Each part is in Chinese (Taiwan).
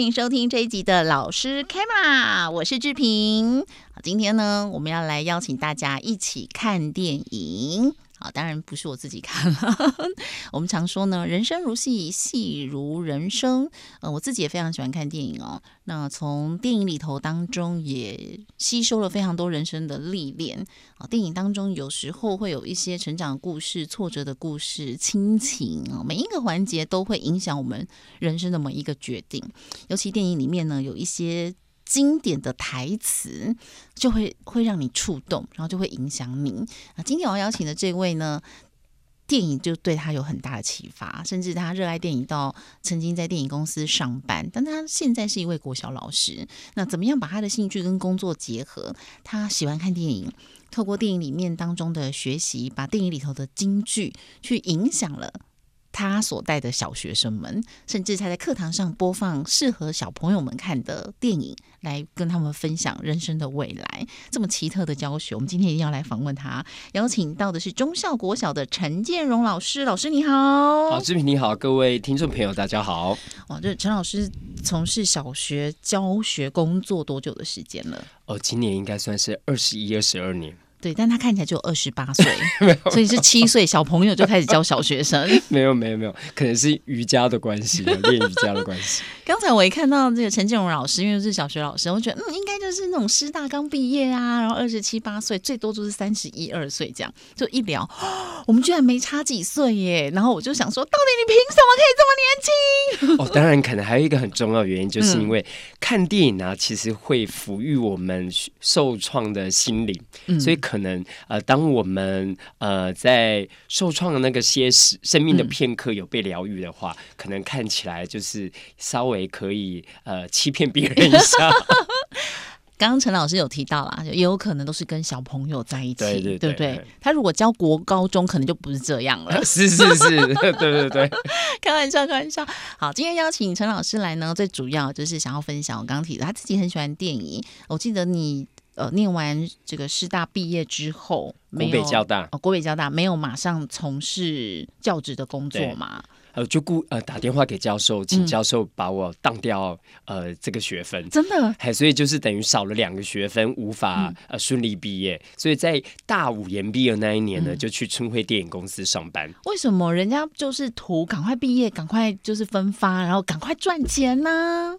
歡迎收聽這一集的老師 Kama，我是志平。今天呢，我們要來邀請大家一起看電影。啊，當然不是我自己看了。 我們常說呢，人生如戲，戲如人生。呃，我自己也非常喜歡看電影哦。那從電影裡頭當中也吸收了非常多人生的歷練啊、哦。電影當中有時候會有一些成長故事、挫折的故事、親情、哦、每一個環節都會影響我們人生的每一個決定。尤其電影裡面呢，有一些。經典的台詞就會會讓你觸動，然後就會影響你。啊，今天我要邀請的這位呢，電影就對他有很大的啟發，甚至他熱愛電影到曾經在電影公司上班，但他現在是一位國小老師。那怎麼樣把他的興趣跟工作結合？他喜歡看電影，透過電影裡面當中的學習，把電影裡頭的金句去影響了。他所帶的小學生們，甚至他在課堂上播放適合小朋友們看的電影，來跟他們分享人生的未來。這麼奇特的教學，我們今天一定要來訪問他。邀請到的是忠孝國小的陳建榮老師，老師你好，好、啊、志平你好，各位聽眾朋友大家好。哇，這陳老師從事小學教學工作多久的時間了？哦，今年應該算是二十一、二十二年。對，但他看起來就二十八歲， 沒有沒有，所以是七歲小朋友就開始教小學生。 沒有，沒有，沒有，可能是瑜伽的關係，練瑜伽的關係。剛 才我一看到這個陳建榮老師，因為是小學老師，我覺得嗯，應該就是那種師大剛畢業啊，然後二十七八歲，最多就是三十一二歲這樣。就一聊，哦，我們居然沒差幾歲耶！然後我就想說，到底你憑什麼可以這麼年輕？ 哦，當然，可能還有一個很重要的原因，就是因為看電影啊，其實會撫育我們受創的心靈，嗯，所以。可能呃，當我們呃在受創的那個些時生命的片刻有被療癒的話、嗯，可能看起來就是稍微可以呃欺騙別人一下。剛剛陳老師有提到啦，就也有可能都是跟小朋友在一起，對不對，對，對，對，對，對？他如果教國高中，可能就不是這樣了。是是是，對對對，對， 開玩笑開玩笑。好，今天邀請陳老師來呢，最主要就是想要分享我剛剛提的，他自己很喜歡電影。我記得你。呃，念完這個師大畢業之後，國北教大哦，國北教大沒有馬上從事教職的工作嘛？呃，就雇呃打電話給教授，請教授把我當掉、嗯、呃這個學分，真的？還、哎、所以就是等於少了兩個學分，無法、嗯、呃順利畢業。所以在大五延畢業那一年呢，就去春暉電影公司上班。為什麼人家就是圖趕快畢業，趕快就是分發，然後趕快賺錢呢、啊？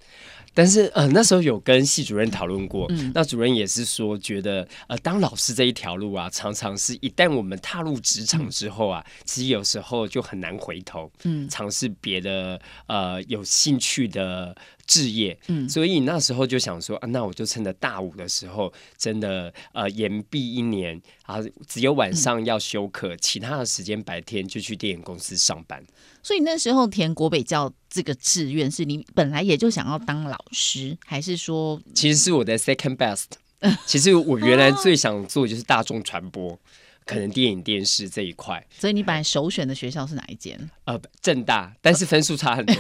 但是，呃，那時候有跟系主任討論過、嗯，那主任也是說，覺得呃，當老師這一條路啊，常常是一旦我們踏入職場之後啊、嗯，其實有時候就很難回頭，嗯，嘗試別的呃有興趣的志業，嗯，所以那時候就想說，啊、呃，那我就趁着大五的時候，真的呃，延畢一年啊，然後只有晚上要修課、嗯，其他的時間白天就去電影公司上班。所以那時候填國北教這個志願，是你本來也就想要當老師，還是說其實是我的 second best？ 其實我原來最想做就是大眾傳播。可能電影電視這一塊，所以你本來首選的學校是哪一間？呃，政大，但是分數差很多。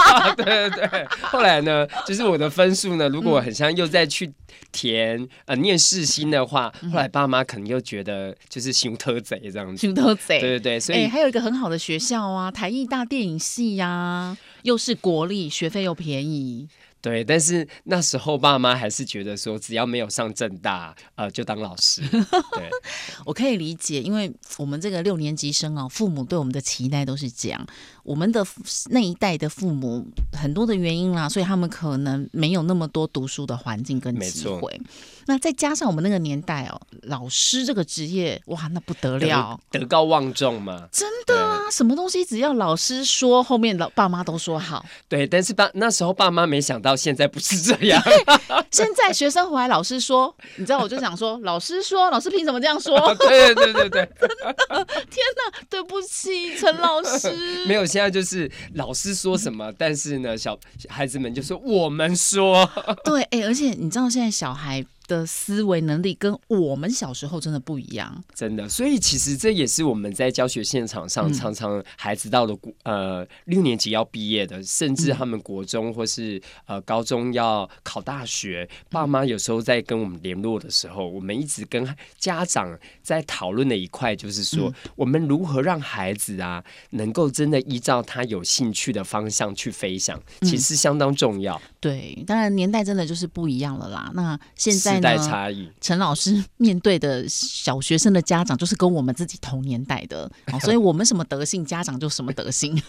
對對對。後來呢，就是我的分數呢，如果我很像又再去填、嗯、呃念世新的話，後來爸媽可能又覺得就是窮偷賊這樣子。窮偷賊。對對對，所以、欸、還有一個很好的學校啊，台藝大電影系呀、啊，又是國立，學費又便宜。對，但是那時候爸媽還是覺得說，只要沒有上政大，呃，就當老師。對， 我可以理解，因為我們這個六年級生哦，父母對我們的期待都是這樣。我們的那一代的父母，很多的原因啦，所以他們可能沒有那麼多讀書的環境跟機會。那再加上我們那個年代哦，老師這個職業，哇，那不得了，得德高望重嘛。真的啊，什麼東西只要老師說，後面老爸媽都說好。對，但是爸那時候爸媽沒想到。現在不是這樣 現在學生回來，老師說， 你知道，我就想說，老師說，老師憑什麼這樣說？對對對對，真的，天吶、啊，對不起，陳老師。 沒有，現在就是老師說什麼，但是呢，小孩子們就說我們說。 對，哎、欸，而且你知道，現在小孩。的思維能力跟我們小時候真的不一樣，真的。所以其實這也是我們在教學現場上常常孩子到了、嗯、呃六年級要畢業的，甚至他們國中或是、嗯、呃高中要考大學，爸媽有時候在跟我們聯絡的時候，嗯、我們一直跟家長在討論的一塊就是說，嗯、我們如何讓孩子啊能夠真的依照他有興趣的方向去飛翔，其實相當重要、嗯。對，當然年代真的就是不一樣了啦。那現在。代差異，陳老師面對的小學生的家長就是跟我們自己同年代的， 哦、所以我們什麼德性，家長就什麼德性。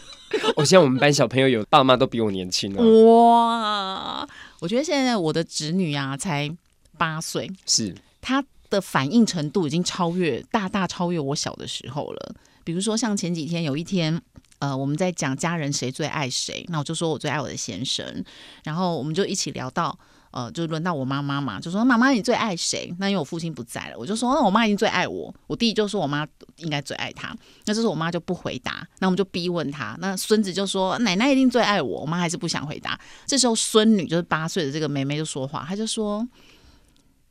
我、 哦、現在我們班小朋友有爸媽都比我年輕、啊、哇！我覺得現在我的侄女啊，才八歲，是她，的反應程度已經超越，大大超越我小的時候了。比如說，像前幾天有一天，呃，我們在講家人誰最愛誰，那我就說我最愛我的先生，然後我們就一起聊到。呃，就輪到我媽媽嘛，就說媽媽，媽媽你最愛誰？那因為我父親不在了，我就說，那我媽一定最愛我。我弟就說，我媽應該最愛他。那這時候我媽就不回答，那我們就逼問他。那孫子就說，奶奶一定最愛我。我媽還是不想回答。這時候孫女就是八歲的這個妹妹就說話，她就說，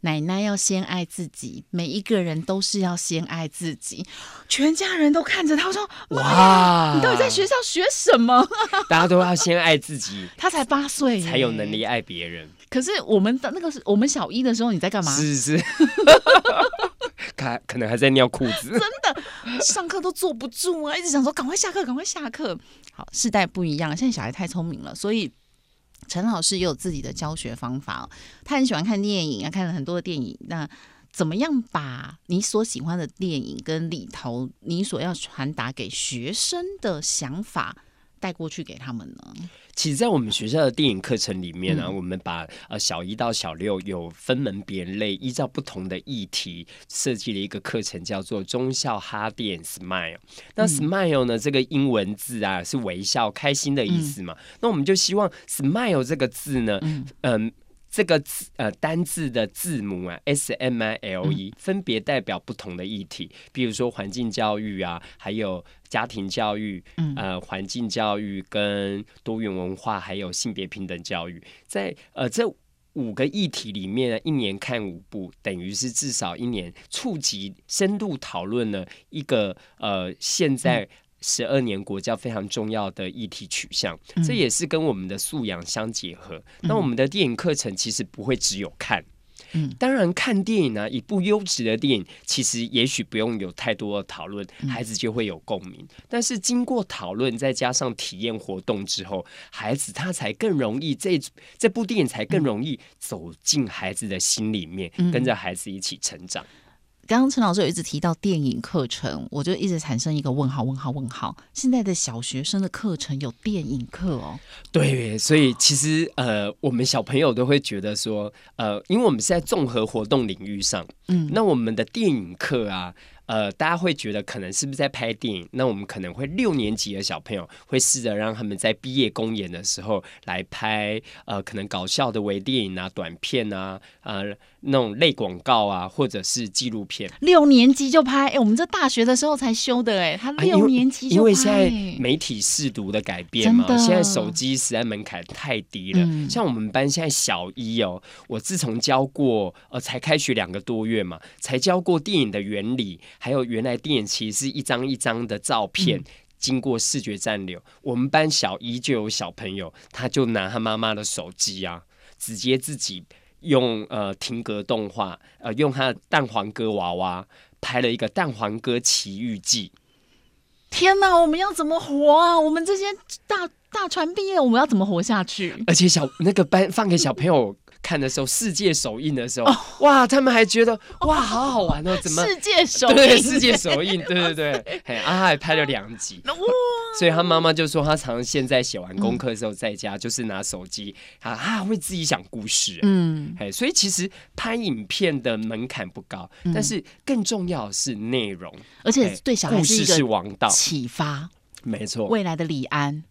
奶奶要先愛自己，每一個人都是要先愛自己。全家人都看着她，我說，哇、欸，你到底在學校學什麼？大家都要先愛自己。 她才八歲，才有能力愛別人。可是我們的那個是我們小一的時候，你在幹嘛？是是，是，可 可能還在尿褲子。 真的，上課都坐不住啊，一直想說趕快下課，趕快下課。好，世代不一樣，現在小孩太聰明了，所以陳老師也有自己的教學方法。他很喜歡看電影啊，他看了很多的電影。那怎麼樣把你所喜歡的電影跟裡頭你所要傳達給學生的想法帶過去給他們呢？其實，在我們學校的電影課程裡面、啊嗯、我們把呃小一到小六有分門別類，依照不同的議題設計了一個課程，叫做“中校哈電 Smile”。那 Smile 呢、嗯，這個英文字啊，是微笑、開心的意思嘛。嗯、那我們就希望 Smile 這個字呢，嗯。呃這個字呃單字的字母啊，S M I L E，嗯、分別代表不同的議題，比如說環境教育啊，還有家庭教育，呃，環境教育跟多元文化，還有性別平等教育，在呃這五個議題裡面，一年看五部，等於是至少一年觸及深度討論了一個呃現在。嗯十二年國教非常重要的議題取向、嗯，這也是跟我們的素養相結合，嗯。那我們的電影課程其實不會只有看，嗯、當然看電影呢，啊，一部優質的電影其實也許不用有太多的討論，孩子就會有共鳴。嗯、但是經過討論，再加上體驗活動之後，孩子他才更容易這這部電影才更容易走進孩子的心裡面，嗯、跟着孩子一起成長。剛剛陳老師有一直提到電影課程，我就一直產生一個問號，問號，問號。現在的小學生的課程有電影課哦？對，所以其實、哦、呃，我們小朋友都會覺得說，呃，因為我們是在綜合活動領域上，嗯，那我們的電影課啊。呃，大家會覺得可能是不是在拍電影？那我們可能會六年級的小朋友會試着讓他們在畢業公演的時候來拍呃，可能搞笑的微電影啊、短片啊、呃、那種類廣告啊，或者是紀錄片。六年級就拍？哎、欸，我們這大學的時候才修的、欸，哎，他六年級就拍。啊、因為、因為現在媒體識讀的改變嘛，現在手機實在門檻太低了、嗯。像我們班現在小一哦，我自從教過呃，才開學兩個多月嘛，才教過電影的原理。還有原來電影其實是一張一張的照片，嗯、經過視覺暫留。我們班小一就有小朋友，他就拿他媽媽的手機啊，直接自己用呃停格動畫，呃用他的蛋黃哥娃娃拍了一個《蛋黃哥奇遇記》。天哪，我們要怎麼活啊？我們這些大大專畢業，我們要怎麼活下去？而且小那個班放給小朋友。 看的時候，世界首映的時候，oh. 哇，他們還覺得哇，好好玩哦、喔！Oh. 怎麼世界首映？對，世界首映，對對對，哎， 阿、啊、還拍了兩集，哇、oh.！所以他媽媽就說，他常常現在寫完功課之後，在家就是拿手機、嗯，啊啊，會自己想故事、啊，嗯，哎，所以其實拍影片的門檻不高、嗯，但是更重要的是內容，而且對故事是王道啟發，沒錯，未來的李安。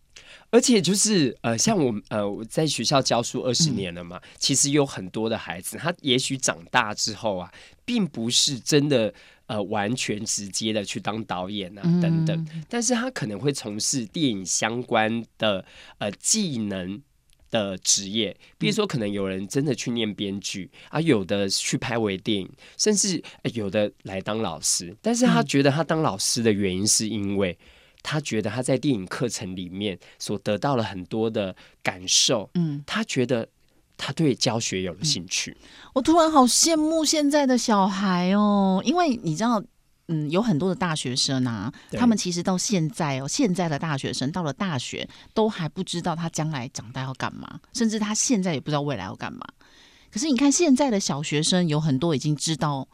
而且就是呃，像我呃我在學校教書二十年了嘛、嗯，其實有很多的孩子，他也許長大之後啊，並不是真的呃完全直接的去當導演啊等等、嗯，但是他可能會從事電影相關的呃技能的職業，比如說可能有人真的去念編劇，嗯、啊有的去拍微電影，甚至、呃、有的來當老師，但是他覺得他當老師的原因是因為，嗯他覺得他在電影課程裡面所得到了很多的感受，嗯，他覺得他對教學有了興趣。嗯，我突然好羨慕現在的小孩哦，因為你知道，嗯，有很多的大學生啊，他們其實到現在哦，現在的大學生到了大學都還不知道他將來長大要幹嘛，甚至他現在也不知道未來要幹嘛。可是你看現在的小學生有很多已經知道。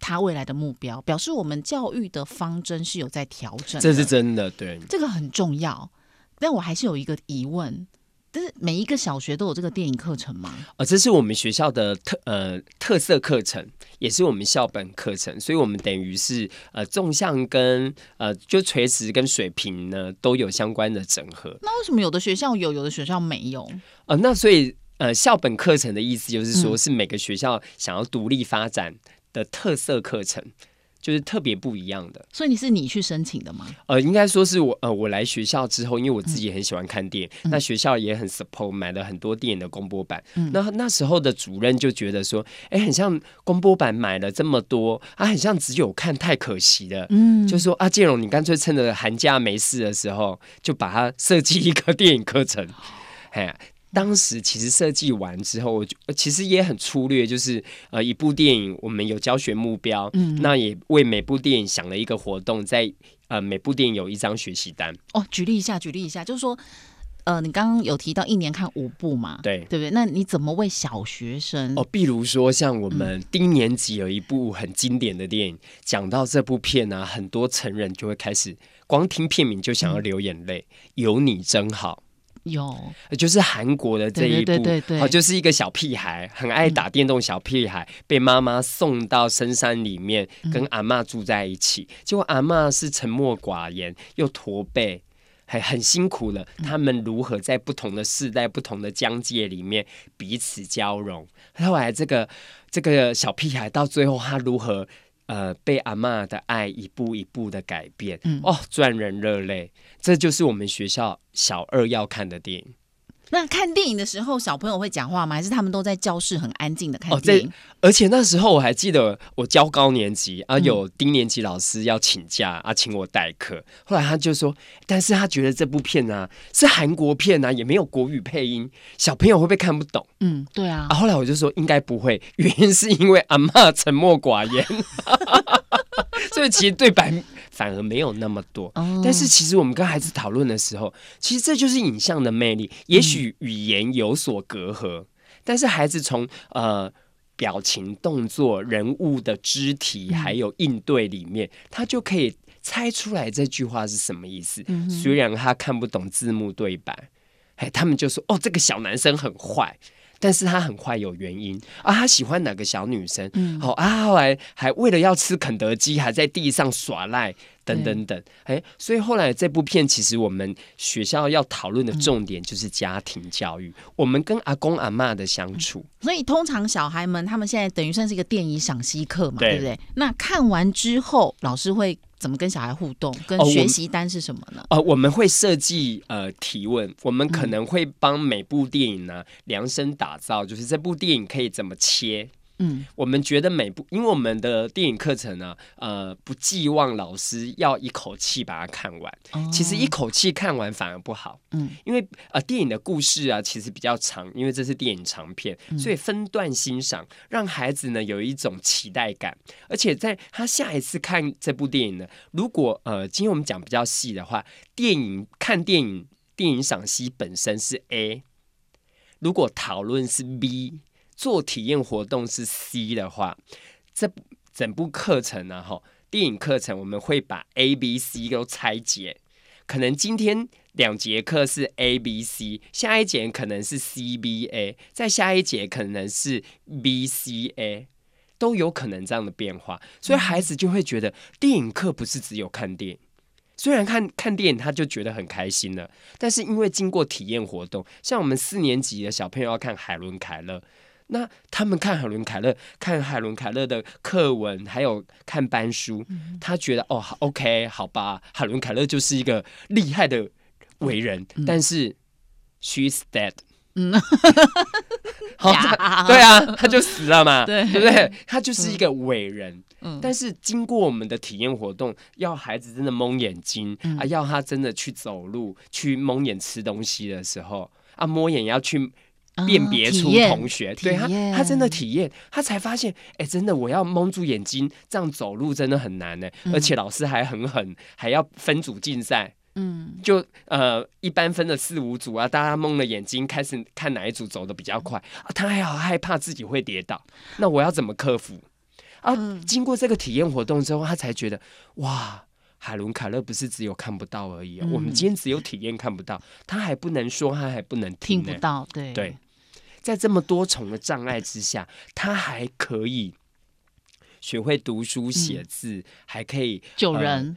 他未來的目標表示，我們教育的方針是有在調整的。這是真的，對這個很重要。但我還是有一個疑問：就是每一個小學都有這個電影課程嗎？呃，這是我們學校的特呃特色課程，也是我們校本課程，所以我們等於是呃縱向跟呃就垂直跟水平呢都有相關的整合。那為什麼有的學校有，有的學校沒有？呃，那所以呃校本課程的意思就是說、嗯，是每個學校想要獨立發展的特色課程，就是特別不一樣的。所以你是你去申請的嗎？呃，應該說是我，呃，我來學校之後，因為我自己很喜歡看電影，嗯、那學校也很 support，買了很多電影的公播版。嗯、那那時候的主任就覺得說，哎、欸，很像公播版買了這麼多，啊，很像只有看太可惜了。嗯，就說啊，建榮，你乾脆趁着寒假沒事的時候，就把它設計一個電影課程，哎、 嘿啊。當時其實設計完之後，我就其實也很粗略，就是呃，一部電影我們有教學目標，嗯、那也為每部電影想了一個活動，在呃每部電影有一張學習單。哦，舉例一下，舉例一下，就是說，呃，你剛剛有提到一年看五部嘛？對，對不對？那你怎麼為小學生？哦，比如說像我們低年級有一部很經典的電影，嗯，講到這部片啊，很多成人就會開始光聽片名就想要流眼淚，嗯，《有你真好》。有，就是韓國的這一部，好、哦，就是一個小屁孩，很愛打電動，小屁孩、嗯、被媽媽送到深山裡面，跟阿嬤住在一起。嗯、結果阿嬤是沉默寡言，又駝背，還很辛苦了、嗯。他們如何在不同的世代、不同的疆界裡面彼此交融？後來這個這個小屁孩到最後他如何？呃，被阿嬤的愛一步一步的改變，嗯、哦，賺人熱淚，這就是我們學校小二要看的電影。那看電影的時候，小朋友會講話嗎？還是他們都在教室很安靜的看電影？哦，而且那時候我還記得，我教高,高年級啊，有低年級老師要請假，嗯，啊，請我代課。後來他就說，但是他覺得這部片啊是韓國片啊，也沒有國語配音，小朋友會不會看不懂？嗯，對啊。啊後來我就說，應該不會，原因是因為阿嬤沉默寡言， 所以其實對白。反而沒有那麼多，但是其實我們跟孩子討論的時候，哦，其實這就是影像的魅力。也許語言有所隔閡，嗯，但是孩子從呃表情、動作、人物的肢體還有應對裡面，嗯，他就可以猜出來這句話是什麼意思。嗯，雖然他看不懂字幕對白，哎，他們就說：“哦，這個小男生很壞。”但是他很快有原因啊，他喜歡哪個小女生？好、嗯哦、啊，後來還為了要吃肯德基，還在地上耍賴等等等。哎，所以後來這部片其實我們學校要討論的重點就是家庭教育，嗯、我們跟阿公阿嬤的相處。所以通常小孩們他們現在等於算是一個電影賞析課嘛對，對不對？那看完之後，老師會。怎麼跟小孩互動？跟學習單是什麼呢？呃、哦哦，我們會設計，呃，提問，我們可能會幫每部電影呢量身打造，就是這部電影可以怎麼切。嗯，我們覺得每部，因為我們的電影課程呢，呃，不寄望老師要一口氣把它看完。其實一口氣看完反而不好。嗯。因為呃，電影的故事啊，其實比較長，因為這是電影長片，所以分段欣賞，讓孩子呢有一種期待感。而且在他下一次看這部電影呢，如果呃今天我們講比較細的話，電影看電影電影賞析本身是 A，如果討論是 B。做體驗活動是 C 的話，這整部課程呢，哈，電影課程我們會把 A、B、C 都拆解。可能今天兩節課是 A、B、C，下一節可能是 C、B、A，再下一節可能是 B、C、A，都有可能這樣的變化。所以孩子就會覺得電影課不是只有看電影，雖然看看電影他就覺得很開心了，但是因為經過體驗活動，像我們四年級的小朋友要看海倫·凱勒。那他們看海倫凱勒，看海倫凱勒的課文，還有看班書，嗯、他覺得哦，OK，好吧，海倫凱勒就是一個厲害的偉人、嗯嗯，但是 she's dead，嗯，好、 yeah.，對啊，他就死了嘛，對 不對？ 他就是一個偉人、嗯，但是經過我們的體驗活動，要孩子真的蒙眼睛、嗯、啊，要他真的去走路，去蒙眼吃東西的時候啊，摸眼要去。辨別出同學，對他，他真的體驗，他才發現，哎、欸，真的，我要矇住眼睛這樣走路真的很難呢、嗯，而且老師還很狠，還要分組競賽，嗯，就呃，一般分了四五組啊，大家蒙了眼睛開始看哪一組走得比較快、嗯，他還好害怕自己會跌倒，那我要怎麼克服啊、嗯？經過這個體驗活動之後，他才覺得，哇。海倫·凱勒不是只有看不到而已、啊嗯，我們今天只有體驗看不到，他還不能說，他還不能聽、欸、聽不到對。對，在這麼多重的障礙之下，他還可以學會讀書寫字、嗯，還可以救人、嗯。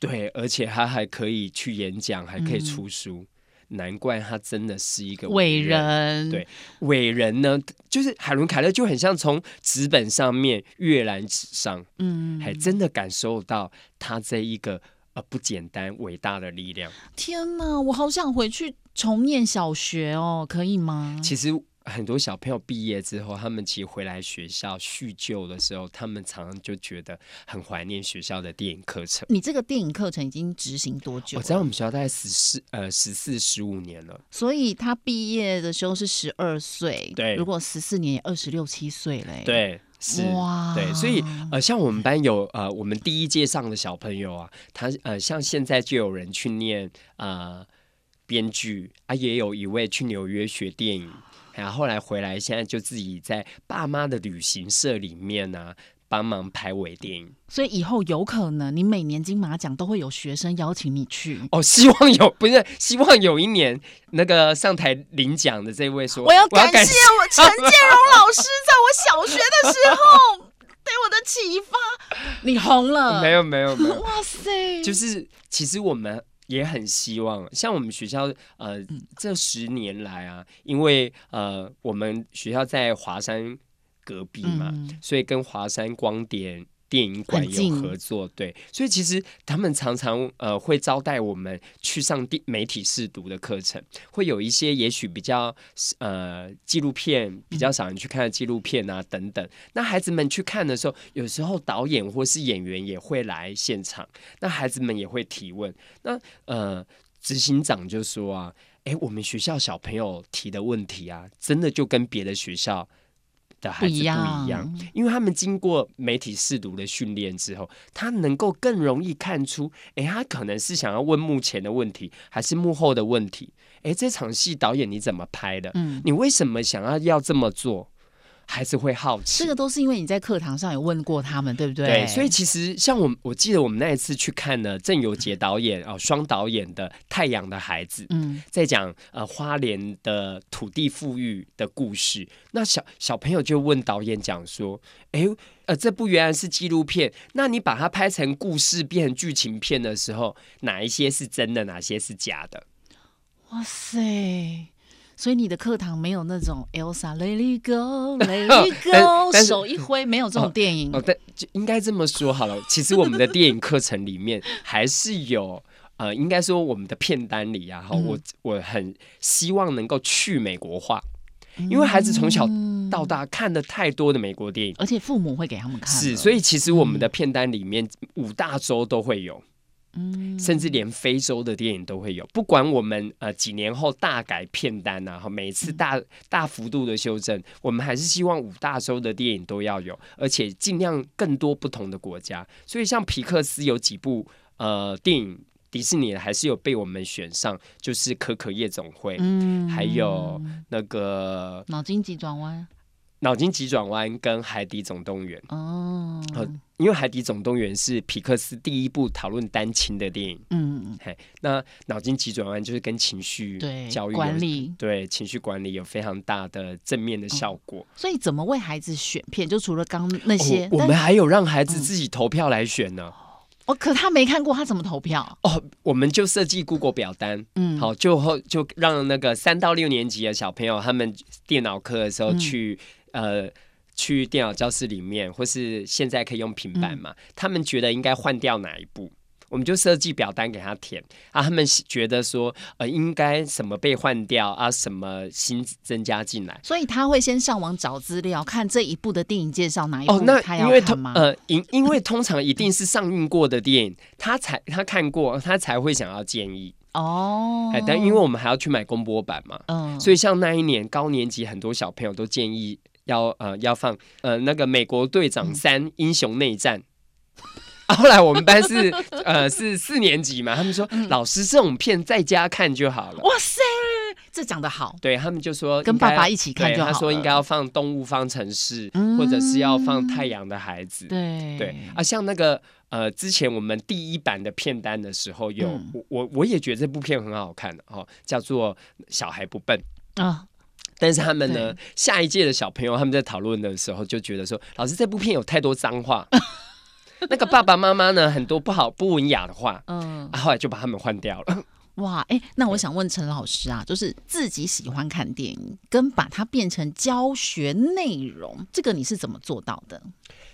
對，而且他還可以去演講，還可以出書。嗯難怪他真的是一個偉人偉人，對，偉人呢，就是海倫·凱勒，就很像從紙本上面躍然紙上，嗯，還真的感受到他這一個不簡單偉大的力量。天哪、啊，我好想回去重念小學哦，可以嗎？其實。很多小朋友畢業之後，他們其實回來學校敘舊的時候，他們常常就覺得很懷念學校的電影課程。你這個電影課程已經執行多久？我、哦、在我們學校大概十四呃十四十五年了。所以他畢業的時候是十二歲，對，如果十四年也二十六七歲嘞。對，是哇，對，所以呃像我們班有呃我們第一屆上的小朋友啊，他呃像現在就有人去念啊編劇啊，也有一位去紐約學電影。然後後來回來，現在就自己在爸媽的旅行社裡面呢、啊，幫忙拍微電影。所以以後有可能，你每年金馬獎都會有學生邀請你去。哦，希望有，不是希望有一年那個上台領獎的這位說，我要感謝我陳 建榮老師，在我小學的時候對 我的啟發。你紅了？沒有沒有。哇塞！就是其實我們。也很希望，像我們學校，呃，嗯、這十年來啊，因為呃，我們學校在華山隔壁嘛，嗯、所以跟華山光點、電影館有合作，對，所以其實他們常常呃會招待我們去上電影媒體試讀的課程，會有一些也許比較呃紀錄片比較少人去看的紀錄片啊等等。嗯。那孩子們去看的時候，有時候導演或是演員也會來現場，那孩子們也會提問。那呃執行長就說啊，誒，我們學校小朋友提的問題啊，真的就跟別的學校。的孩子不一樣，不一樣，因為他們經過媒體試讀的訓練之後，他能夠更容易看出，誒、欸，他可能是想要問幕前的問題，還是幕後的問題？誒、欸，這場戲導演你怎麼拍的，嗯？你為什麼想要要這麼做？還是會好奇，這個都是因為你在課堂上有問過他們、嗯，對不對？對，所以其實像我，我記得我們那一次去看了鄭有傑導演、嗯、哦，雙導演的《太陽的孩子》，嗯，在講呃花蓮的土地富裕的故事。那小小朋友就問導演，講說：“哎、欸，呃，這部原來是紀錄片，那你把它拍成故事，變成劇情片的時候，哪一些是真的，哪些是假的？”哇塞！所以你的課堂沒有那種 Elsa，Let It Go，Let It Go，手一揮，沒有這種電影。但，哦哦、但就應該這麼說好了。 其實我們的電影課程裡面還是有呃，應該說我們的片單裡啊，哈、嗯，我我很希望能夠去美國化，嗯，因為孩子從小到大看的太多的美國電影，而且父母會給他們看。是，所以其實我們的片單裡面五大洲都會有。嗯嗯，甚至連非洲的電影都會有。不管我們呃幾年後大改片單啊，每次大大幅度的修正，嗯，我們還是希望五大洲的電影都要有，而且盡量更多不同的國家。所以像皮克斯有幾部呃電影，迪士尼還是有被我們選上，就是《可可夜總會》嗯，還有那個《腦筋急轉彎》。腦筋急轉彎跟海底總動員哦，因為海底總動員是皮克斯第一部討論單親的電影。嗯，嘿，那腦筋急轉彎就是跟情緒對教育管理，對情緒管理有非常大的正面的效果、哦。所以怎麼為孩子選片？就除了剛那些、哦，我們還有讓孩子自己投票來選呢。嗯、哦，可他沒看過，他怎麼投票？哦，我們就設計 Google 表單。嗯，好，就後就讓那個三到六年級的小朋友，他們電腦課的時候去。嗯呃，去電腦教室裡面，或是現在可以用平板嘛、嗯？他們覺得應該換掉哪一部？我們就設計表單給他填啊。他們覺得說，呃，應該什麼被換掉啊？什麼新增加進來？所以他會先上網找資料，看這一部的電影介紹哪一部、哦、那他要看嗎？因為呃，因因為通常一定是上映過的電影， 他才他看過，他才會想要建議哦。哎，但因為我們還要去買公播版嘛，嗯，所以像那一年高年級很多小朋友都建議。要呃要放呃那個美國隊長三、嗯、英雄內戰，啊、後來我們班是 呃是四年級嘛，他們說、嗯、老師這種片在家看就好了。哇塞，這講得好，對，他們就說跟爸爸一起看。他說應該要放動物方程式，嗯、或者是要放太陽的孩子。嗯、對對啊，像那個呃之前我們第一版的片單的時候有、嗯、我我也覺得這部片很好看哦，叫做《小孩不笨》啊。但是他們呢，下一屆的小朋友他們在討論的時候就覺得說，老師這部片有太多髒話， 那個爸爸媽媽呢，很多不好、不文雅的話，嗯，啊、後來就把他們換掉了。哇，哎、欸，那我想問陳老師啊，就是自己喜歡看電影，跟把它變成教學內容，這個你是怎麼做到的？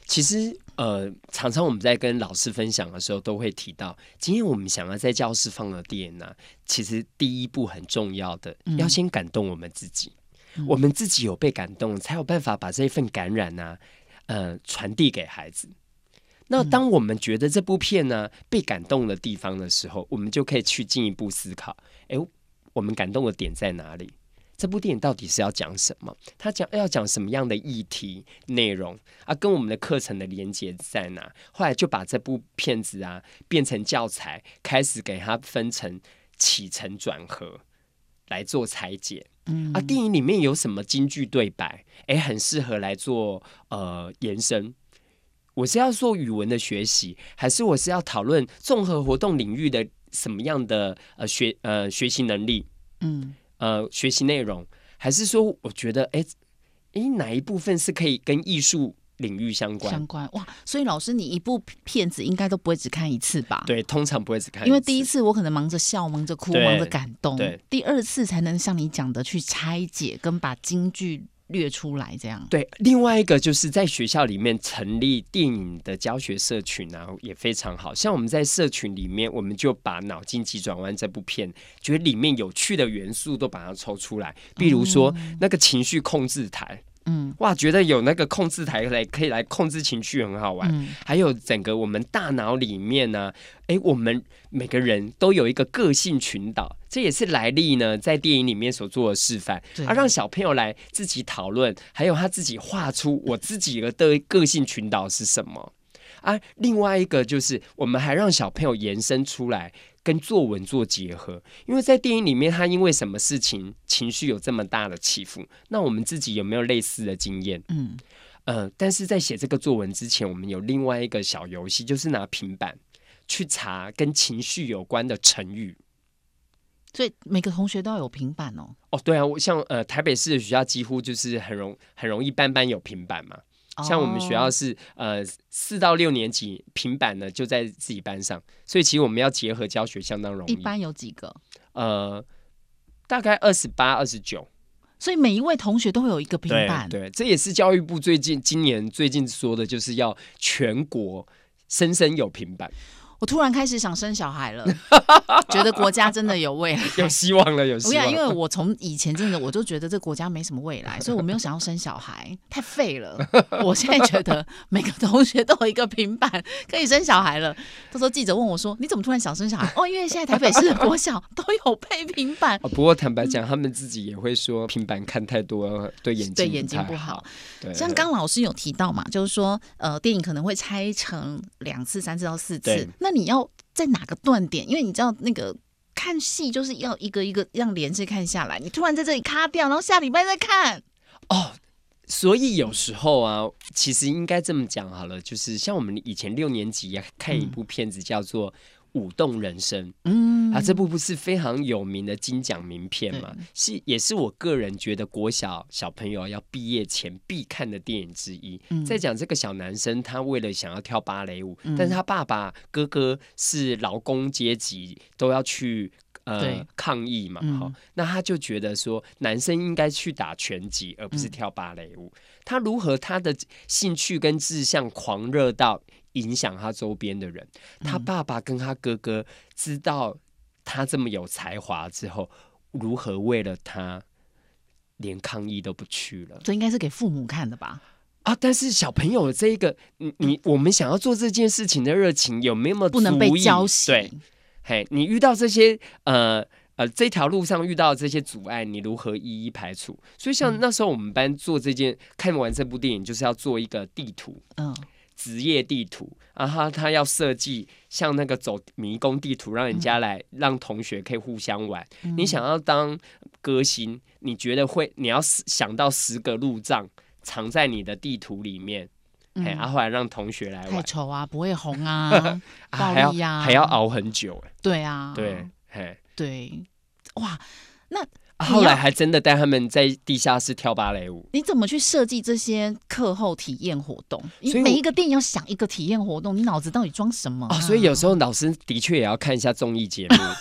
其實，呃，常常我們在跟老師分享的時候，都會提到，今天我們想要在教室放的電影、啊、呢，其實第一步很重要的，要先感動我們自己。嗯我們自己有被感動，才有辦法把這一份感染呢、啊，嗯、呃，傳遞給孩子。那當我們覺得這部片呢、啊、被感動的地方的時候，我們就可以去進一步思考：誒、欸，我們感動的點在哪裡？這部電影到底是要講什麼？它講要講什麼樣的議題內容啊？跟我們的課程的連接在哪？後來就把這部片子啊變成教材，開始給它分成起承轉合來做裁剪。啊，電影裡面有什麼金句對白？哎，很適合來做呃延伸。我是要說語文的學習，還是我是要討論綜合活動領域的什麼樣的呃學呃學習能力？嗯、呃，呃學習內容，還是說我覺得哎哪一部分是可以跟藝術？領域相關相關哇，所以老師，你一部片子應該都不會只看一次吧？對，通常不會只看一次，因為第一次我可能忙着笑、忙着哭、忙着感動，對，第二次才能像你講的去拆解跟把金句列出來這樣。對，另外一個就是在學校裡面成立電影的教學社群、啊，然後也非常好像我們在社群裡面，我們就把《腦筋急轉彎》這部片，覺得裡面有趣的元素都把它抽出來，比如說、嗯、那個情緒控制台。嗯，哇，覺得有那個控制台，來可以來控制情緒很好玩，嗯，還有整個我們大腦裡面呢，啊、哎、欸，我們每個人都有一個個性群島，這也是萊利呢在電影裡面所做的示範，而、啊、讓小朋友來自己討論，還有他自己畫出我自己的的個性群島是什麼。 啊，另外一個就是我們還讓小朋友延伸出來。跟作文做結合，因為在電影裡面，他因為什麼事情情緒有這麼大的起伏？那我們自己有沒有類似的經驗？嗯，呃，但是在寫這個作文之前，我們有另外一個小遊戲，就是拿平板去查跟情緒有關的成語。所以每個同學都要有平板哦。哦，對啊，我像呃台北市的學校幾乎就是很容很容易班班有平板嘛。像我們學校是，oh. 呃，四到六年級平板呢就在自己班上，所以其實我們要結合教學相當容易。一班有幾個？呃，大概二十八、二十九，所以每一位同學都會有一個平板。對，對，這也是教育部最近今年最近說的，就是要全國生生有平板。我突然開始想生小孩了， 覺得國家真的有未來，有希望了，有希望了。Okay, 因為我從以前真的我就覺得這國家沒什麼未來， 所以我沒有想要生小孩，太廢了。 我現在覺得每個同學都有一個平板，可以生小孩了。他說記者問我說：“你怎麼突然想生小孩？”哦，因為現在台北市的國小都有配平板。哦，不過坦白講，嗯，他們自己也會說平板看太多，對眼睛對眼睛不好。像剛老師有提到嘛，就是說呃，電影可能會拆成兩次、三次到四次。那你要在哪個斷點？因為你知道那個看戲就是要一個一個讓連着看下來，你突然在這裡卡掉，然後下禮拜再看哦。所以有時候啊，其實應該這麼講好了，就是像我們以前六年級啊，看一部片子叫做。舞動人生，嗯，啊，這部不是非常有名的金獎名片嘛？是，也是我個人覺得國小小朋友要畢業前必看的電影之一。在，嗯，講這個小男生，他為了想要跳芭蕾舞，嗯，但是他爸爸、哥哥是勞工階級，都要去呃抗議嘛，哈，嗯。那他就覺得說，男生應該去打拳擊，而不是跳芭蕾舞，嗯。他如何他的興趣跟志向狂熱到，影響他周邊的人，他爸爸跟他哥哥知道他這麼有才華之後，如何為了他連抗議都不去了？這應該是給父母看的吧？啊！但是小朋友這這個，你、嗯、你我們想要做這件事情的熱情有沒有，沒有不能被澆熄？對，嘿，你遇到這些呃呃這條路上遇到的這些阻礙，你如何一一排除？所以像那時候我們班做這件、嗯、看完這部電影，就是要做一個地圖，嗯。職業地圖，然後他要設計像那個走迷宮地圖，讓人家來、嗯，讓同學可以互相玩、嗯。你想要當歌星，你覺得會？你要想到十個路障藏在你的地圖裡面，哎、嗯，然、啊、後來讓同學來玩。太醜啊，不會紅啊， 啊啊還要，還要熬很久哎。對啊，對，嘿，對，哇，那。啊、後來還真的帶他們在地下室跳芭蕾舞。你怎麼去設計這些課後體驗活動？你每一個電影要想一個體驗活動，你腦子到底裝什麼、啊哦？所以有時候老師的確也要看一下綜藝節目。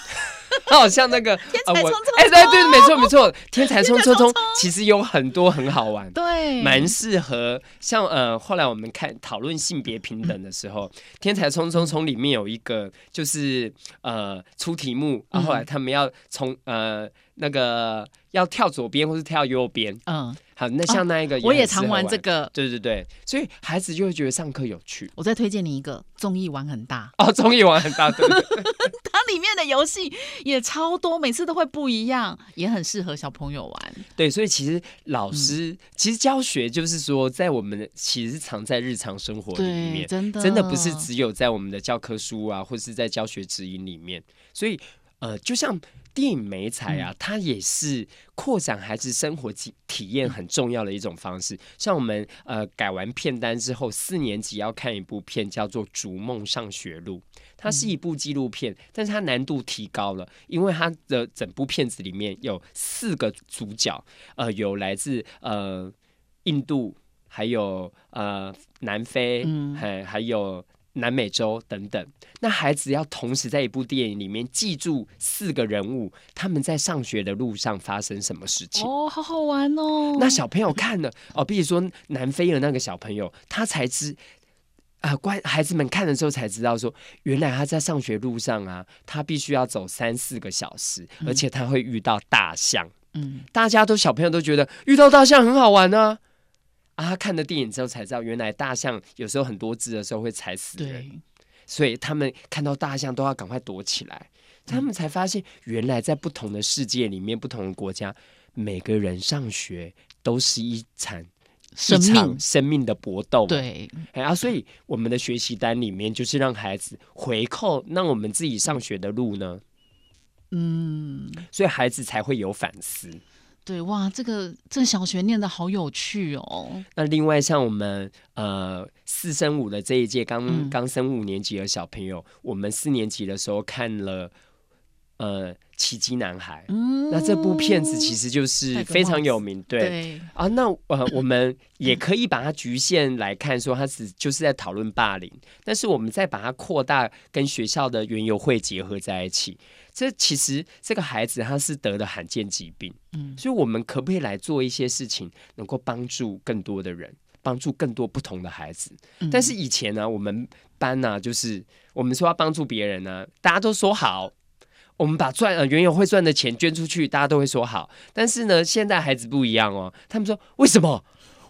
好、哦、像那個，天才衝衝衝、呃、我哎、欸、對對，沒錯沒錯、哦，天才衝衝衝其實有很多很好玩，對，蠻適合。像呃，後來我們看討論性別平等的時候，嗯、天才衝衝衝裡面有一個就是呃出題目，然、啊、後來他們要從、嗯、呃那個要跳左邊或是跳右邊，嗯，好，那像那一個也、哦、我也常玩這個，對對對，所以孩子就會覺得上課有趣。我再推薦你一個綜藝玩很大哦，綜藝玩很大，對，對，對。 裡面的遊戲也超多，每次都會不一樣，也很適合小朋友玩。對，所以其實老師、嗯、其實教學就是說，在我們其實藏在日常生活裡面，真的真的不是只有在我們的教科書啊，或是在教學指引裡面，所以。呃，就像電影媒材啊，它也是擴展孩子生活體驗很重要的一種方式。像我們呃改完片單之後，四年級要看一部片叫做《逐夢上學路》，它是一部紀錄片，但是它難度提高了，因為它的整部片子裡面有四個主角，呃，有來自呃印度，還有呃南非，還、嗯、還有。南美洲等等，那孩子要同時在一部電影裡面記住四個人物，他們在上學的路上發生什麼事情？哦，好好玩哦！那小朋友看了哦，比如說南非的那個小朋友，他才知啊、乖、呃、孩子們看的時候才知道說，原來他在上學路上啊，他必須要走三四個小時，而且他會遇到大象。嗯，大家都小朋友都覺得遇到大象很好玩啊。啊，看了電影之後才知道，原來大象有時候很多只的時候會踩死人，所以他們看到大象都要趕快躲起來。嗯、他們才發現，原來在不同的世界裡面，不同的國家，每個人上學都是一場生命一場生命的搏鬥。對，然、哎、後、啊、所以我們的學習單裡面就是讓孩子回扣，讓我們自己上學的路呢？嗯，所以孩子才會有反思。對哇，這個這個、小學念得好有趣哦。那另外像我們呃四升五的這一屆剛、嗯、剛升五年級的小朋友，我們四年級的時候看了呃《奇蹟男孩》嗯，那這部片子其實就是非常有名，對，對啊。那呃我們也可以把它局限來看，說它只就是在討論霸凌，但是我們再把它擴大跟學校的園遊會結合在一起。這其實這個孩子他是得了罕見疾病，嗯，所以我們可不可以來做一些事情，能夠幫助更多的人，幫助更多不同的孩子？嗯、但是以前呢、啊，我們班呢、啊，就是我們說要幫助別人呢、啊，大家都說好，我們把賺呃原有會賺的錢捐出去，大家都會說好。但是呢，現在孩子不一樣哦，他們說為什麼？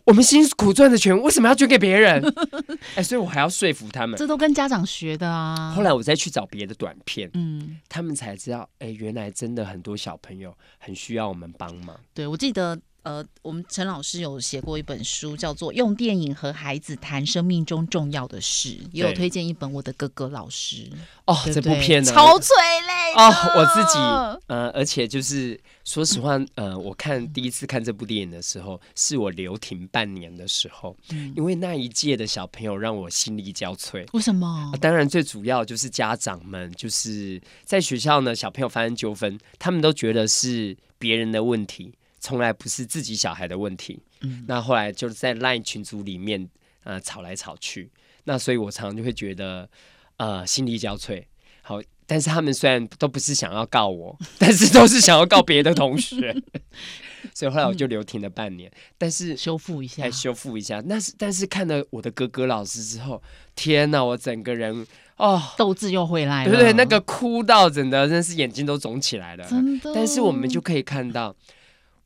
我們辛，辛苦賺的錢，為什麼要捐給別人？哎、 欸，所以我還要說服他們。這都跟家長學的啊。後來我再去找別的短片，嗯，他們才知道，哎、欸，原來真的很多小朋友很需要我們幫忙。對，我記得。呃，我們陳老師有寫過一本書，叫做《用電影和孩子談生命中重要的事》，也有推薦一本《我的哥哥老師》哦對不對，這部片呢超催淚哦。我自己呃，而且就是說實話，呃，我看第一次看這部電影的時候，是我留停半年的時候，嗯、因為那一屆的小朋友讓我心力交瘁。為什麼、啊？當然最主要就是家長們就是在學校呢，小朋友發生糾紛，他們都覺得是別人的問題。從來不是自己小孩的問題。嗯，那後來就是在 LINE 群組裡面呃吵來吵去，那所以我常常就會覺得呃心力交瘁。好，但是他們雖然都不是想要告我， 但是都是想要告別的同學。 所以後來我就留停了半年，嗯、但是修復一下，修復一下。但是但是看了我的哥哥老師之後，天哪，我整個人哦鬥志又回來了。對，對，對，那個哭到真的真是眼睛都腫起來了。真的。但是我們就可以看到。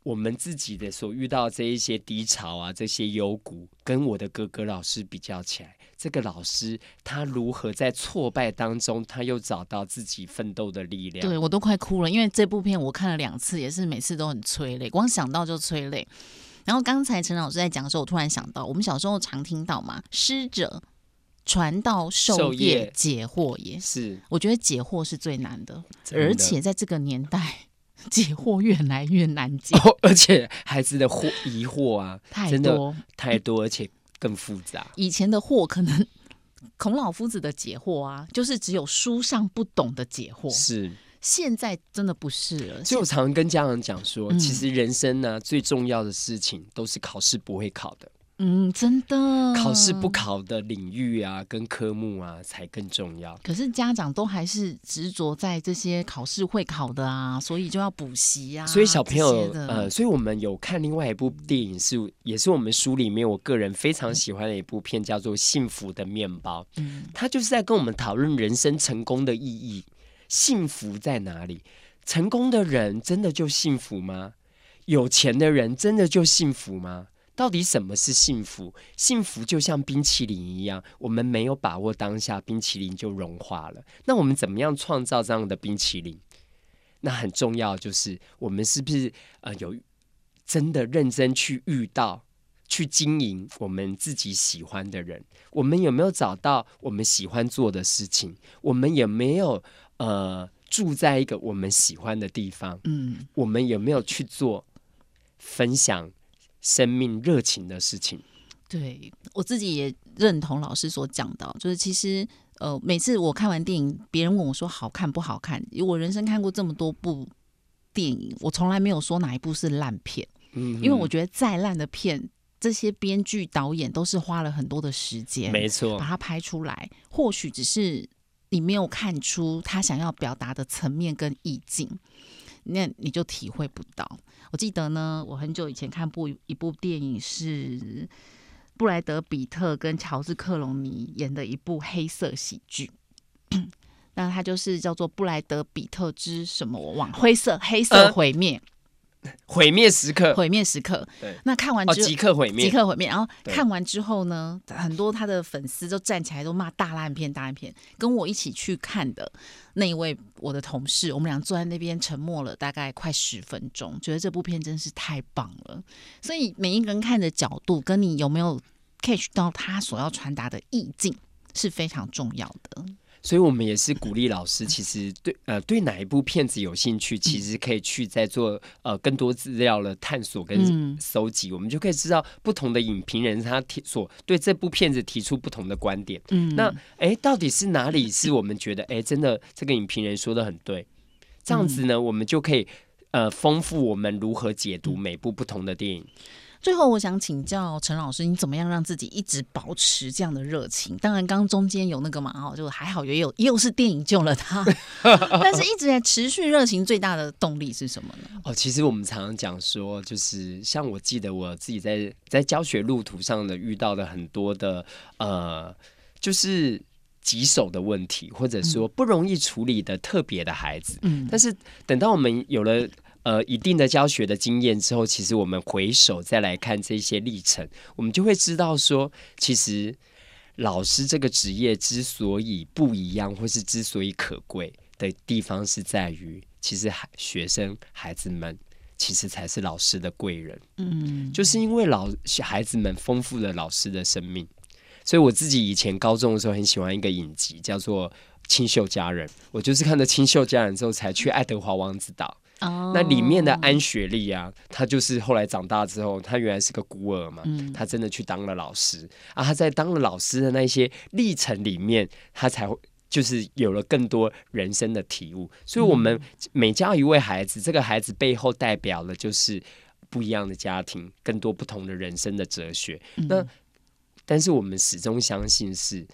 我們自己的所遇到這一些低潮啊，這些幽谷，跟我的哥哥老師比較起來，這個老師他如何在挫敗當中，他又找到自己奮鬥的力量？對，我都快哭了，因為這部片我看了兩次，也是每次都很催淚，光想到就催淚。然後剛才陳老師在講的時候，我突然想到，我們小時候常聽到嘛，師者，傳道授業，解惑，授業解惑也。是，我覺得解惑是最難的，真的，而且在這個年代。解惑越來越難解，哦、而且孩子的惑、疑惑啊，太多真的太多，而且更複雜。嗯、以前的惑可能孔老夫子的解惑啊，就是只有書上不懂的解惑。是現在真的不是了。就常跟家長講說，嗯、其實人生呢、啊、最重要的事情，都是考試不會考的。嗯，真的，考試不考的領域啊，跟科目啊，才更重要。可是家長都還是執着在這些考試會考的啊，所以就要補習啊。所以小朋友，呃，所以我們有看另外一部電影是，是、嗯、也是我們書裡面我個人非常喜歡的一部片，叫做《幸福的麵包》。嗯，它就是在跟我們討論人生成功的意義，幸福在哪裡？成功的人真的就幸福嗎？有錢的人真的就幸福嗎？到底什麼是幸福？幸福就像冰淇淋一樣，我們沒有把握當下，冰淇淋就融化了。那我們怎麼樣創造這樣的冰淇淋？那很重要，就是我們是不是呃有真的認真去遇到、去經營我們自己喜歡的人？我們有沒有找到我們喜歡做的事情？我們有沒有呃住在一個我們喜歡的地方？嗯，我們有沒有去做分享？生命熱情的事情。對，我自己也認同老師所講到就是其實呃，每次我看完電影，別人問我說好看不好看，我人生看過這麼多部電影，我從來沒有說哪一部是爛片，嗯，因為我覺得再爛的片，這些編劇導演都是花了很多的時間，沒錯，把它拍出來，或許只是你沒有看出他想要表達的層面跟意境。那你就體會不到。我記得呢，我很久以前看部一部電影，是布萊德比特跟喬治克隆尼演的一部黑色喜劇。 那它就是叫做《布萊德比特之什麼我忘灰色黑色毀滅》呃。毀滅時刻，毀滅時刻。對，那看完就、哦、即刻毀滅，即刻毀滅。然後看完之後呢，很多他的粉絲都站起來都罵大爛片，大爛片。跟我一起去看的那一位我的同事，我們倆坐在那邊沉默了大概快十分鐘，覺得這部片真是太棒了。所以每一個人看的角度，跟你有沒有 catch 到他所要傳達的意境是非常重要的。所以，我們也是鼓勵老師，其實對呃，對哪一部片子有興趣，其實可以去再做呃更多資料的探索跟搜集，嗯，我們就可以知道不同的影評人他提所對這部片子提出不同的觀點。嗯，那，欸，到底是哪裡是我們覺得哎、欸，真的這個影評人說的很對？這樣子呢，我們就可以呃豐富我們如何解讀每部不同的電影。嗯嗯最後，我想請教陳老師，你怎麼樣讓自己一直保持這樣的熱情？當然，剛剛中間有那個嘛，哦，就還好，也有又是電影救了他， 但是一直在持續熱情，最大的動力是什麼呢？哦，其實我們常常講說，就是像我記得我自己在在教學路途上的遇到的很多的呃，就是棘手的問題，或者說不容易處理的特別的孩子，嗯，但是等到我們有了。呃，一定的教學的經驗之後，其實我們回首再來看這些歷程，我們就會知道說，其實老師這個職業之所以不一樣，或是之所以可貴的地方，是在於其實學生孩子們其實才是老師的貴人。嗯，就是因為老孩子們豐富了老師的生命，所以我自己以前高中的時候很喜歡一個影集叫做《清秀佳人》，我就是看到《清秀佳人》之後才去愛德華王子島。Oh. 那裡面的安雪莉啊，她就是後來長大之後，她原來是個孤兒嘛，她、嗯、真的去當了老師啊。她在當了老師的那些歷程裡面，她才會就是有了更多人生的體悟。所以，我們每教一位孩子、嗯，這個孩子背後代表的就是不一樣的家庭，更多不同的人生的哲學。那、嗯、但是我們始終相信是，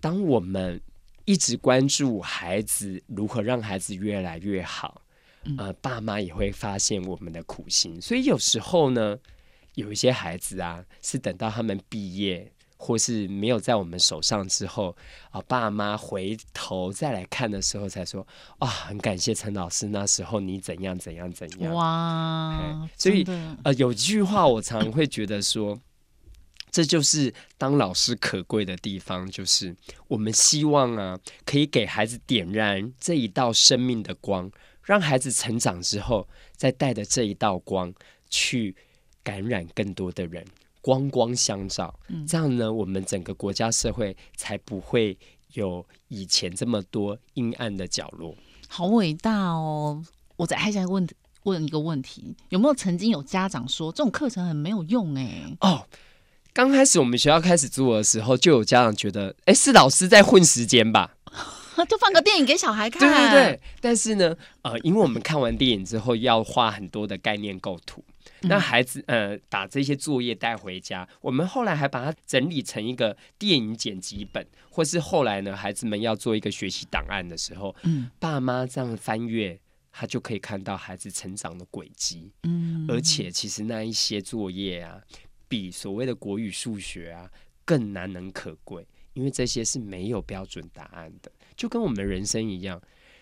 當我們一直關注孩子，如何讓孩子越來越好。呃、嗯，爸媽也會發現我們的苦心，所以有時候呢，有一些孩子啊，是等到他們畢業或是沒有在我們手上之後，啊，爸媽回頭再來看的時候，才說，啊，很感謝陳老師，那時候你怎樣怎樣怎樣哇。所以呃，有一句話我常會覺得說，這就是當老師可貴的地方，就是我們希望啊，可以給孩子點燃這一道生命的光。讓孩子成長之後，再帶着這一道光去感染更多的人，光光相照、嗯，這樣呢，我們整個國家社會才不會有以前這麼多陰暗的角落。好偉大哦！我再還想問問一個問題：有沒有曾經有家長說這種課程很沒有用、欸？哎，哦，剛開始我們學校開始做的時候，就有家長覺得，哎、欸，是老師在混時間吧？ 就放個電影給小孩看。對對對，但是呢，呃，因為我們看完電影之後要畫很多的概念構圖， 那孩子呃把這些作業帶回家、嗯，我們後來還把它整理成一個電影剪輯本，或是後來呢孩子們要做一個學習檔案的時候，嗯，爸媽這樣翻閱，他就可以看到孩子成長的軌跡。嗯，而且其實那一些作業啊，比所謂的國語、數學啊更難能可貴，因為這些是沒有標準答案的。就跟我們人生一樣，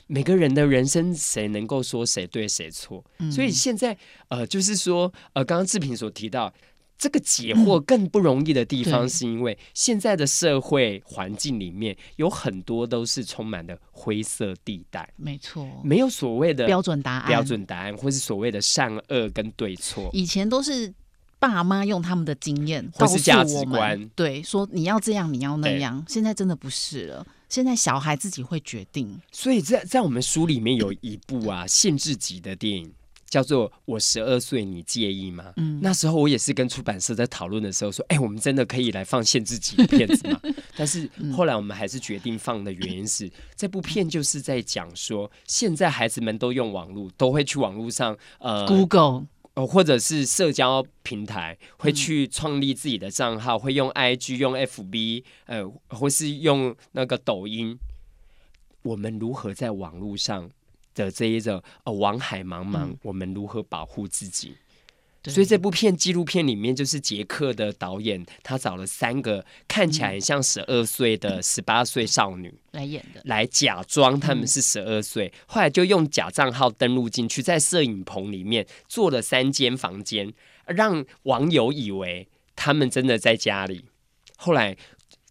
每個人的人生誰能夠說誰對誰錯？嗯，所以現在呃，就是說呃，剛剛志平所提到這個解惑更不容易的地方，是因為現在的社會環境裡面有很多都是充滿的灰色地帶。沒錯，沒有所謂的標準答案，標準答案或是所謂的善惡跟對錯，以前都是。爸媽用他們的經驗或是價值觀。對，說你要這樣，你要那樣。現在真的不是了，現在小孩自己會決定。所以在在我們書裡面有一部啊、嗯、限制級的電影，叫做《我十二歲》，你介意嗎？嗯，那時候我也是跟出版社在討論的時候說，哎、欸，我們真的可以來放限制級的片子嗎？ 但是後來我們還是決定放的原因是，嗯、這部片就是在講說，現在孩子們都用網絡，都會去網絡上呃 Google。或者是社交平台會去創立自己的賬號、嗯，會用 IG、用 FB，呃，或是用那個抖音。我們如何在網絡上的這一種，呃，網海茫茫，嗯，我們如何保護自己？所以這部片紀錄片裡面，就是捷克的導演，他找了三個看起來很像十二歲的十八歲少女來演的，來假裝他們是十二歲，後來就用假賬號登錄進去，在攝影棚裡面做了三間房間，讓網友以為他們真的在家裡，後來。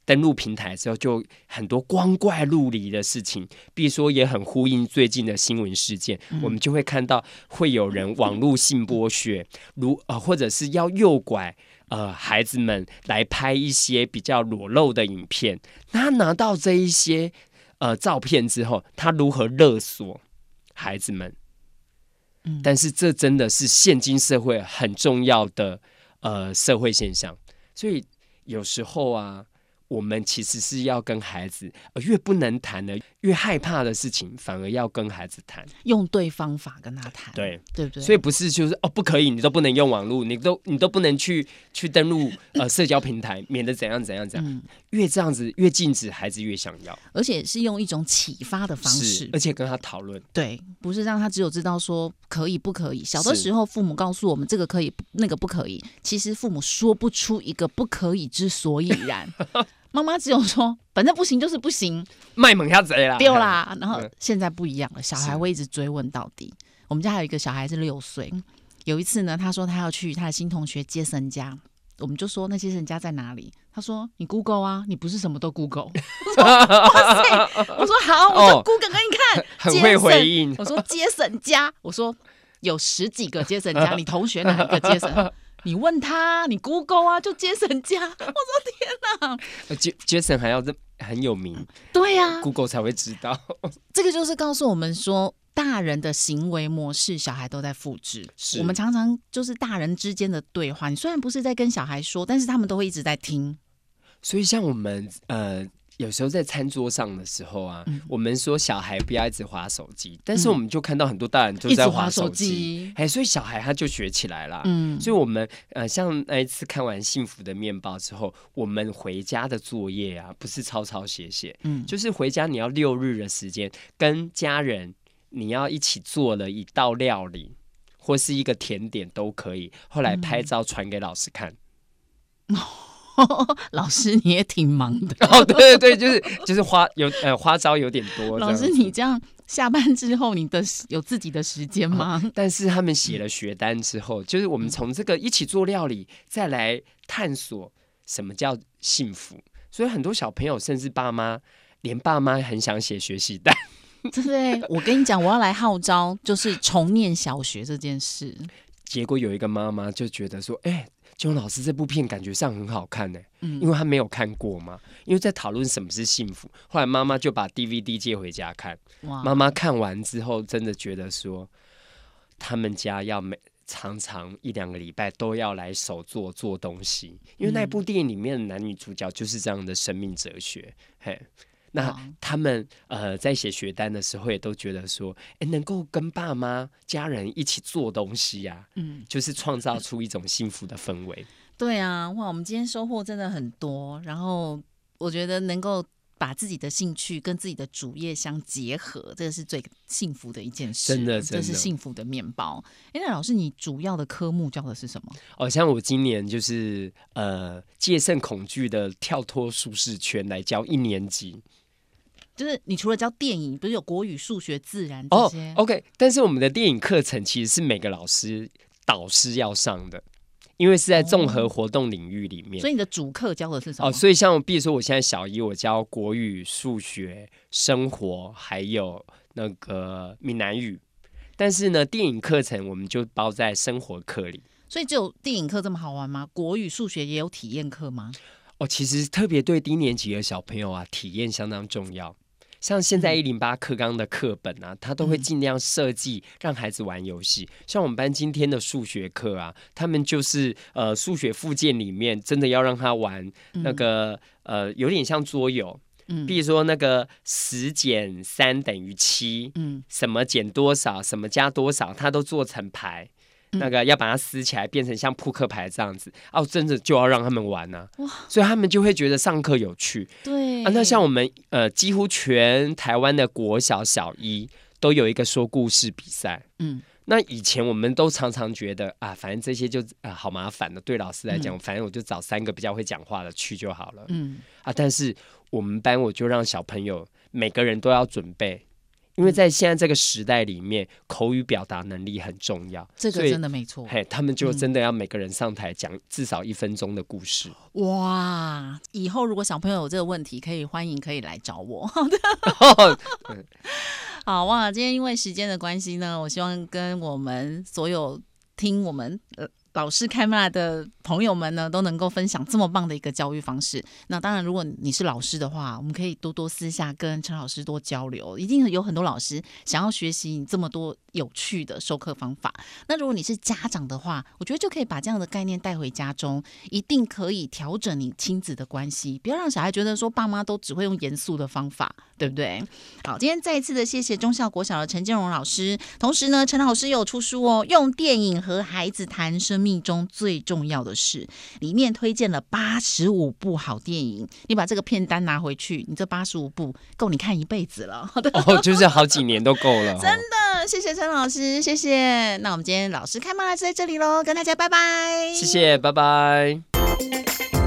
登錄平台之後，就很多光怪陸離的事情，比如說也很呼應最近的新聞事件，嗯，我們就會看到會有人網路性剝削，如呃或者是要誘拐呃孩子們來拍一些比較裸露的影片。那他拿到這一些呃照片之後，他如何勒索孩子們？嗯。但是這真的是現今社會很重要的呃社會現象，所以有時候啊。我們其實是要跟孩子，呃，越不能談的、越害怕的事情，反而要跟孩子談，用對方法跟他談，對對不對？所以不是就是哦，不可以，你都不能用網絡，你都你都不能去去登錄呃社交平台， 免得怎樣怎樣怎樣。嗯，越這樣子越禁止，孩子越想要。而且是用一種啟發的方式，而且跟他討論，對，不是讓他只有知道說可以不可以。小的時候，父母告訴我們這個可以，那個不可以。其實父母說不出一個不可以之所以然。 媽媽只有說，反正不行就是不行，賣萌下嘴了，丟啦、嗯。然後現在不一樣了，小孩會一直追問到底。我們家還有一個小孩是六歲，有一次呢，他說他要去他的新同學傑森家，我們就說那傑森家在哪裡？他說你 Google 啊，你不是什麼都 Google 我。 哇塞！我說好，我就 Google 給你看，哦，很會回應。我說傑森家，我說有十幾個傑森家， 你同學哪一個傑森？你問他、啊，你 Google 啊，就 Jason 家，我說天哪、啊，傑 Jason 還要這很有名，對呀、啊、Google 才會知道， 這個就是告訴我們說，大人的行為模式，小孩都在複製。是，我們常常就是大人之間的對話，你雖然不是在跟小孩說，但是他們都會一直在聽。所以像我們呃。有時候在餐桌上的時候啊，嗯、我們說小孩不要一直滑手機、嗯，但是我們就看到很多大人就在滑手機，哎、欸，所以小孩他就學起來了、啊。嗯，所以我們呃，像那一次看完《幸福的麵包》之後，我們回家的作業啊，不是抄抄寫寫，嗯，就是回家你要六日的時間跟家人，你要一起做了一道料理或是一個甜點都可以，後來拍照傳給老師看。嗯嗯哦、老師，你也挺忙的。哦，對對對，就是就是花有呃花招有點多。老師，你這樣下班之後，你的有自己的時間嗎、哦？但是他們寫了學單之後，嗯、就是我們從這個一起做料理，再來探索什麼叫幸福。所以很多小朋友，甚至爸媽，連爸媽很想寫學習單。對對？我跟你講，我要來號召，就是重念小學這件事。結果有一個媽媽就覺得說，哎、欸。就老師這部片感覺上很好看呢、欸，嗯，因為他沒有看過嘛，因為在討論什麼是幸福。後來媽媽就把 DVD 借回家看，媽媽看完之後真的覺得說，他們家要每常常一兩個禮拜都要來手作做東西，因為那部電影裡面的男女主角就是這樣的生命哲學。嘿。那他們、wow. 呃在寫學單的時候也都覺得說，哎、欸，能夠跟爸媽家人一起做東西呀、啊，嗯，就是創造出一種幸福的氛圍、嗯。對啊，哇，我們今天收穫真的很多。然後我覺得能夠把自己的興趣跟自己的志業相結合，這個是最幸福的一件事。真的，真的這是幸福的面包。哎、欸，那老師，你主要的科目教的是什麼？哦，像我今年就是呃，戒慎恐懼的跳脫舒適圈來教一年級。就是你除了教電影，不是有國語、數學、自然，這些？Oh, okay. 但是我們的電影課程其實是每個老師導師要上的，因為是在綜合活動領域裡面。Oh. 所以你的主課教的是什麼？哦，所以像比如說我現在小一，我教國語、數學、生活，還有那個閩南語。但是呢，電影課程我們就包在生活課裡。所以只有電影課這麼好玩嗎？國語、數學也有體驗課嗎？哦，其實特別對低年級的小朋友啊，體驗相當重要。像現在一零八課綱的課本啊，他、嗯、都會盡量設計讓孩子玩遊戲、嗯。像我們班今天的數學課啊，他們就是呃數學附件裡面真的要讓他玩那個、嗯、呃有點像桌遊、嗯，比如說那個十減三等於七，嗯，什麼減多少，什麼加多少，他都做成牌。那個要把它撕起來，變成像撲克牌這樣子，哦、嗯啊，真的就要讓他們玩呢、啊，哇，所以他們就會覺得上課有趣。對啊，那像我們呃，幾乎全台灣的國小小一都有一個說故事比賽。嗯，那以前我們都常常覺得啊，反正這些就、呃、好麻煩的。對老師來講、嗯，反正我就找三個比較會講話的去就好了。嗯，啊，但是我們班我就讓小朋友每個人都要準備。因為在現在這個時代裡面，口語表達能力很重要，這個真的沒錯。嘿，他們就真的要每個人上台講至少一分鐘的故事。嗯、哇，以後如果小朋友有這個問題，可以歡迎可以來找我。 哦 嗯、好哇，今天因為時間的關係呢，我希望跟我們所有聽我們。呃老師開麥的朋友們呢，都能夠分享這麼棒的一個教育方式。那當然，如果你是老師的話，我們可以多多私下跟陳老師多交流，一定有很多老師想要學習你這麼多有趣的授課方法。那如果你是家長的話，我覺得就可以把這樣的概念帶回家中，一定可以調整你親子的關係，不要讓小孩覺得說爸媽都只會用嚴肅的方法，對不對？好，今天再一次的謝謝忠孝國小的陳建榮老師，同時呢，陳老師也有出書哦，《用電影和孩子談生》。生命中最重要的事，裡面推薦了八十五部好電影。你把這個片單拿回去，你這八十五部夠你看一輩子了。哦，就是好幾年都夠了。 真的，謝謝陳老師， 謝謝。那我們今天老師開麥就在這裡嘍，跟大家拜拜。謝謝，拜拜。